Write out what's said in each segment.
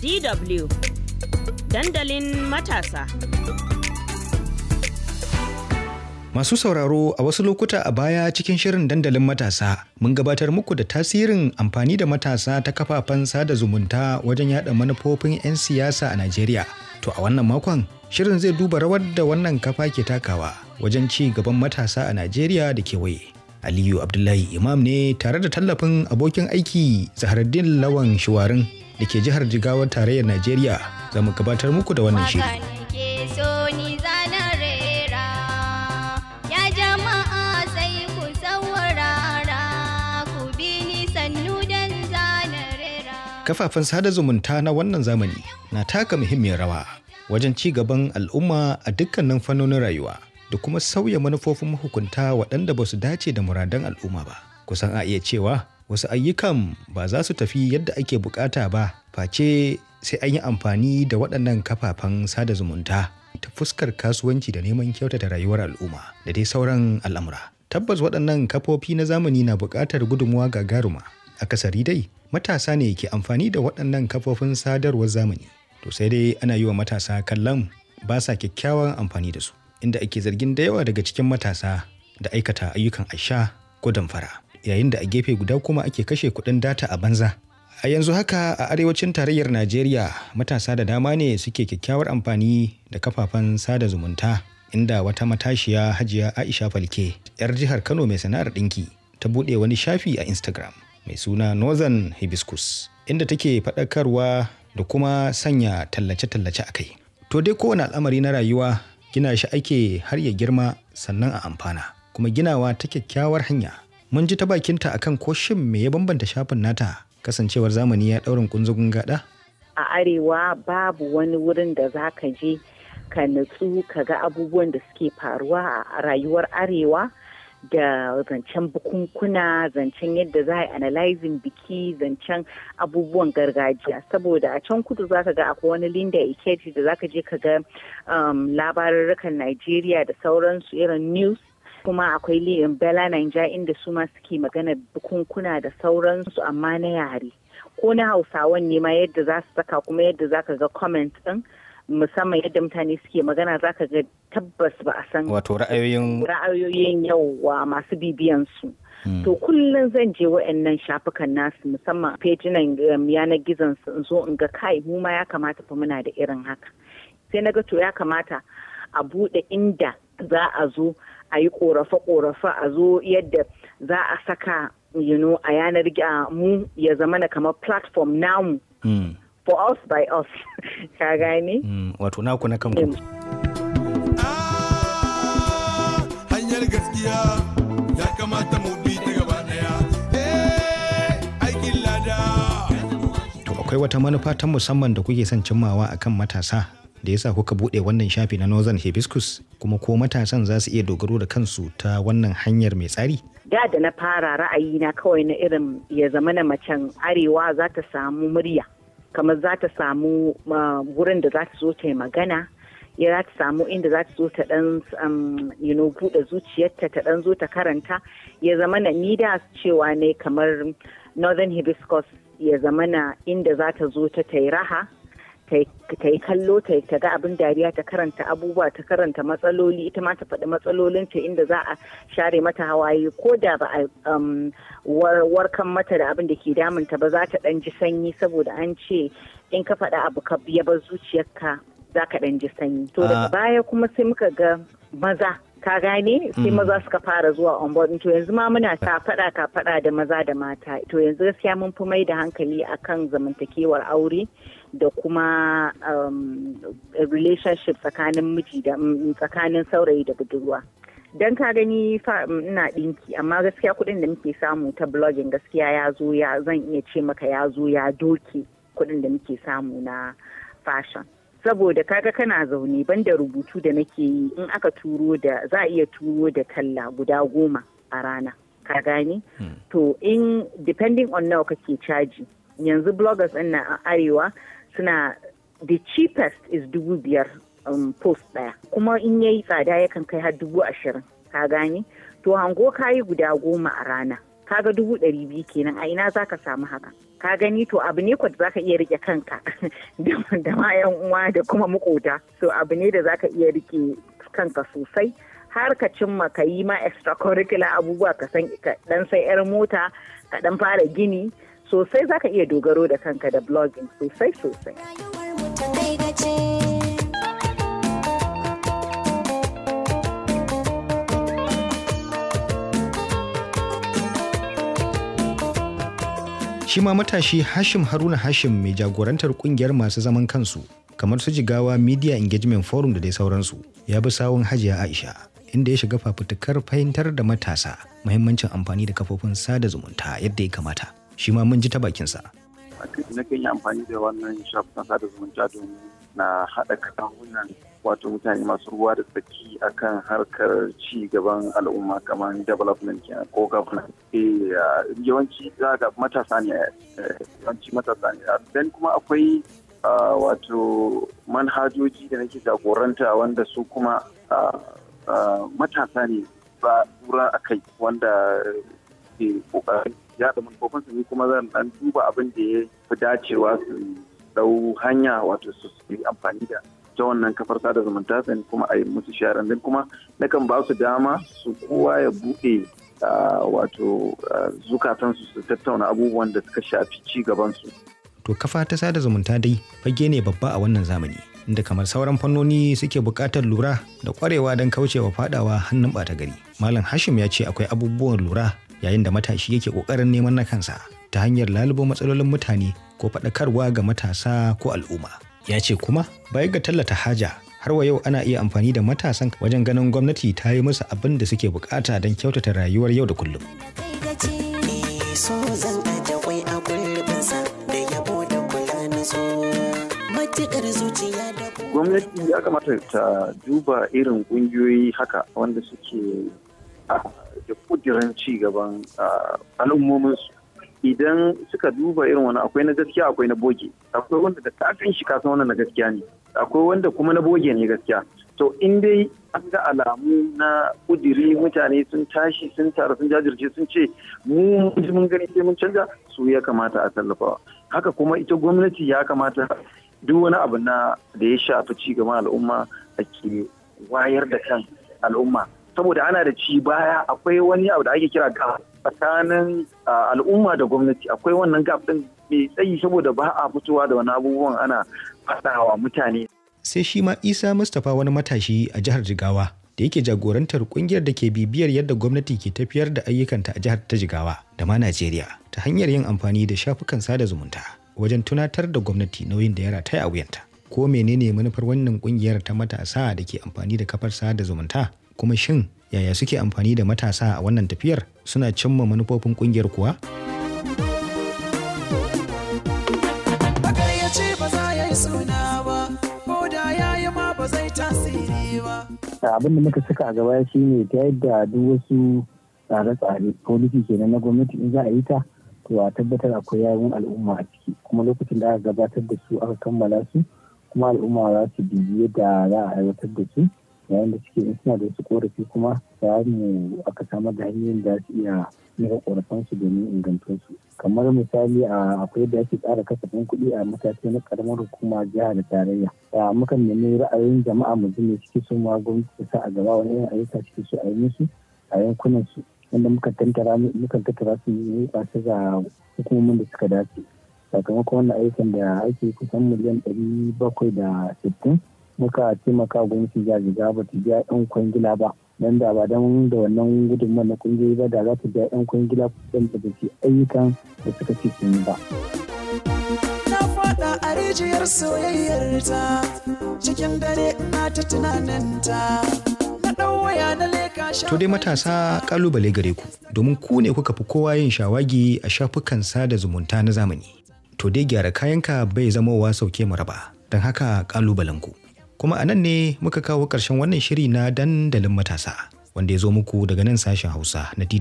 DW dandalin matasa. Masu sauraro a wasu lokuta a baya cikin shirin dandalin matasa mun gabatar muku da tasirin amfani da matasa ta kafafen sada zumunta wajen yada manufofin 'yan siyasa a Najeriya. To a wannan makon shirin zai duba rawar da wannan kafa ke takawa wajen ci gaban matasa a Najeriya da kewaye. Aliyu Abdullahi Imam ne tare da tallafin abokin aiki zahraddin Lawan shuwarin da ke jihar Jigawar tarayyar Najeriya za mu gabatar muku da wannan shiri. Kafafen sada zumunta na wannan zamani na taka muhimmiyar rawa wajen ci gaban al'umma a dukkanin fannonin rayuwa da kuma sauya manufofin mahukunta waɗanda ba su dace da muradan al'umma ba. Kusan a iya cewa wasu ayyukan ba za su tafi yadda ake bukata ba face sai an yi amfani da waɗannan kafafen sada zumunta ta fuskar kasuwanci da neman kyautata rayuwar al'umma da dai sauran al'amura tabbas waɗannan kafofi na zamani na buƙatar gudunmuwa gagaruma akasari dai matasa ne ke amfani da waɗannan kafofin sadarwar zamani to sai dai ana yi wa matasa kallon ba sa kyakkyawan amfani da su inda ake zargin da yawa daga cikin matasa da aikata ayyukan aisha ko damfara yayin da a gefe guda kuma ake kashe kuɗin data a banza. A yanzu haka a arewacin tarayyar Najeriya matasa da dama ne suke kyakkyawar amfani da kafafen sada zumunta inda wata matashiya Hajiya Aisha Falke 'yar jihar Kano mai sana'ar ɗinki ta buɗe wani shafi a Instagram mai suna Northern Hibiscus inda take faɗakarwa da kuma sanya tallace-tallace a kai. To dai kowane al'amari na rayuwa gina shi ake har ya girma sannan a amfana kuma ginawa ta kyakkyawar hanya. mun ji ta bakinta akan ko shin me ya bambanta shafin nata kasancewar zamani ya ɗaurin kunzugun gada a arewa babu wani wurin da za ka je ka natsu ka ga abubuwan da suke faruwa a rayuwar arewa da zancen bukunkuna zancen yadda za a yi analyzing biki zancen abubuwan gargajiya saboda a can kudu za ka ga akwai wani linda ikeji da za ka je ka ga um, labarurrukan nigeria da sauransu irin news kuma akwai liyan bela naija inda su ma suke magana bukunkuna da sauransu amma na yare ko na hausawa ne ma yadda za su saka kuma yadda za ka ga comment din musamman yadda mutane suke magana za ka ga tabbas ba a san wato ra'ayoyin ra'ayoyin wa masu bibiyan su hmm. to kullum zan je wa'annan shafukan nasu musamman fejinan um, yanar gizon su in zo in ga kai mu ma ya kamata fa muna da irin haka sai na ga to ya kamata a buɗe inda za a zo a yi korafe ƙorafe a zo yadda za a saka you know, a yanar mu ya zama na kamar platform namu mm. for us by us ka gani? Mm. wato naku na kanku mm. hanyar gaskiya ya kamata mu bi ta gaba daya eh, aikin lada akwai wata manufa ta musamman da kuke son cimmawa akan matasa da yasa kuka bude wannan shafi na northern hibiscus kuma ko matasan za su iya dogaro da kansu ta wannan hanyar mai tsari da da na fara ra'ayi na kawai na irin ya zama na macen arewa za ta samu murya kamar za ta samu wurin da za ta zo ta yi magana ya za ta samu inda za ta zo ta dan um, you know buɗe zuciyarta ta dan zo ta karanta ya zama na ni da cewa ne kamar northern hibiscus ya zama na inda za ta zo ta yi raha ta yi kallo ta ga abin dariya ta karanta abubuwa ta karanta matsaloli ita ma ta faɗi matsalolin ta inda za a share mata hawaye ko da ba a um, warkan mata da abin da ke damunta ba za ta ɗan ji sanyi saboda an ce in ka faɗa abu ka biya ba zuciyarka za ka ɗan ji sanyi to daga ah. baya kuma sai muka ga maza ka gane sai mm. maza suka fara zuwa on board to yanzu ma muna ta faɗa ka faɗa da maza da mata to yanzu gaskiya mun fi mai da hankali akan zamantakewar aure da kuma um, relationship tsakanin miji da mm, tsakanin saurayi da budurwa don ka gani mm, ina dinki, amma gaskiya kuɗin da muke samu ta blogging gaskiya ya zo ya zan iya ce maka ya zo ya doke kuɗin da muke samu na fashion saboda kaga kana zaune ban da rubutu da nake yi in aka turo da za a iya turo da talla guda goma a rana ka gani hmm. to in depending on nawa kake caji yanzu bloggers ɗin na arewa suna the cheapest is dubu biyar um, post ɗaya kuma in yayi tsada yakan kai har dubu ashirin ka gane to hango kayi guda goma a rana kaga dubu ɗari biyu kenan a ina za ka samu haka ka gani to abu ne kwad ka iya rike kanka da ma yan uwa da kuma makota so abu ne da za ka iya rike kanka sosai har ka cimma ka yi ma extracurricular abubuwa ka san ka dan sai yar mota ka dan fara gini sosai za ka iya dogaro da kanka da blogging sosai sosai shi ma matashi Hashim Haruna Hashim mai jagorantar kungiyar masu zaman kansu kamar su jigawa Media Engagement Forum da dai sauransu ya bi sawun Hajiya Aisha inda ya shiga fafutukar fahimtar da matasa muhimmancin amfani da kafofin sada zumunta yadda ya kamata. shi ma mun ji ta bakinsa. Na kan yi amfani da wannan shafukan sada zumunta domin na haɗa kawunan wato mutane masu ruwa da tsaki akan harkar ci gaban al'umma kamar development kenan ko governance eh yawanci ga matasa ne eh, yawanci matasa ne dan kuma akwai wato manhajoji da nake jagoranta wanda su kuma matasa ne ba tura akai wanda ke kokarin yaɗa manufofinsu ne kuma zan dan duba abin da ya fi dacewa su dau hanya wato su yi amfani da ta wannan kafar sada zumunta sai kuma a yi musu sharan din kuma nakan ba su dama su kowa ya buɗe ah, wato ah, zukatan su tattauna abubuwan da suka shafi ci gaban su. To kafa ta sada zumunta dai fage ne babba a wannan zamani inda kamar sauran fannoni suke buƙatar lura da ƙwarewa don kaucewa fadawa hannun ɓata gari. Malam Hashim ya ce akwai abubuwan lura yayin da matashi yake ƙoƙarin neman na kansa ta hanyar lalubo matsalolin mutane ko faɗakarwa ga matasa ko al'umma. Ya ce kuma bai ga tallata haja har wa yau ana iya amfani da matasan wajen ganin gwamnati ta yi musu abin da suke bukata don kyautata rayuwar yau da kullum. Gwamnati ya kamata ta duba irin ƙungiyoyi haka wanda suke da kudirin ci gaban al'ummominsu idan suka duba irin wani akwai na gaskiya akwai na boge akwai wanda da tafin shi kasan wannan na gaskiya ne akwai wanda kuma na boge ne gaskiya to in dai an ga alamu na kudiri mutane sun tashi sun taru sun jajirce sun ce mu mun gani sai mun canza su ya kamata a tallafawa haka kuma ita gwamnati ya kamata duk wani abu na da ya shafi ci gaban al'umma a ke wayar da kan al'umma saboda ana da ci baya akwai wani abu da ake kira gap tsakanin al'umma da gwamnati akwai wannan gap din mai tsayi saboda ba a fitowa da wani abubuwan ana faɗawa mutane sai shi ma isa mustapha wani matashi a jihar jigawa da yake jagorantar kungiyar da ke bibiyar yadda gwamnati ke tafiyar da ayyukanta a jihar ta jigawa da ma najeriya ta hanyar yin amfani da shafukan sada zumunta wajen tunatar da gwamnati nauyin da ya rataya a wuyanta ko menene manufar wannan kungiyar ta matasa da ke amfani da kafar sada zumunta kuma shin yaya suke amfani da matasa a wannan tafiyar suna cimma manufofin kungiyar kuwa? abin da muka saka a gaba shi ne ta yadda duk wasu tsare-tsare policy kenan na gwamnati in za a yi ta to a tabbatar akwai yawon al'umma a ciki kuma lokacin da aka gabatar da su aka kammala su kuma al'umma za su bibi yadda za a aiwatar da su yayin da suke in suna da wasu korafi kuma za mu aka samar da hanyoyin da su iya nuna korafansu domin ingantansu kamar misali a akwai da ake tsara kasafin kuɗi a mataki na karamar hukuma jihar da tarayya a mukan nemi ra'ayoyin jama'a mu ji me suke so ma gwamnati sa a gaba wani 'yan ayyuka suke so a yi musu a yankunan su wanda muka tantara mukan tattara su ne ba su ga hukumomin da suka dace sakamakon wannan ayyukan da ake kusan miliyan ɗari bakwai da sittin muka taimaka gwamnati jihar riga ba ta biya yan kwangila ba dan da ba don da wannan gudunmawar na kungiyoyi ba da za ta biya yan kwangila kuɗin da ba ayyukan da suka ce sun yi ba. faɗa a rijiyar soyayyarta cikin dare na ta tunaninta na ɗan waya na leka To dai matasa kalubale gare ku domin ku ne kuka fi kowa yin shawagi a shafukan sada zumunta na zamani. To dai gyara kayanka bai zama wa sauke maraba don haka kalubalen ku. kuma a nan ne muka kawo ƙarshen wannan shiri na dandalin matasa wanda ya zo muku daga nan sashen hausa na dw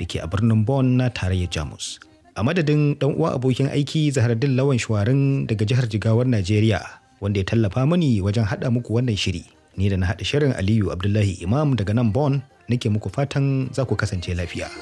da ke a birnin Bon na tarayyar jamus a madadin dan uwa abokin aiki zahardin lawan shuwarin daga jihar jigawar najeriya wanda ya tallafa mani wajen haɗa muku wannan shiri ni da na haɗa shirin aliyu abdullahi imam daga nan Bon nake muku fatan za ku kasance lafiya.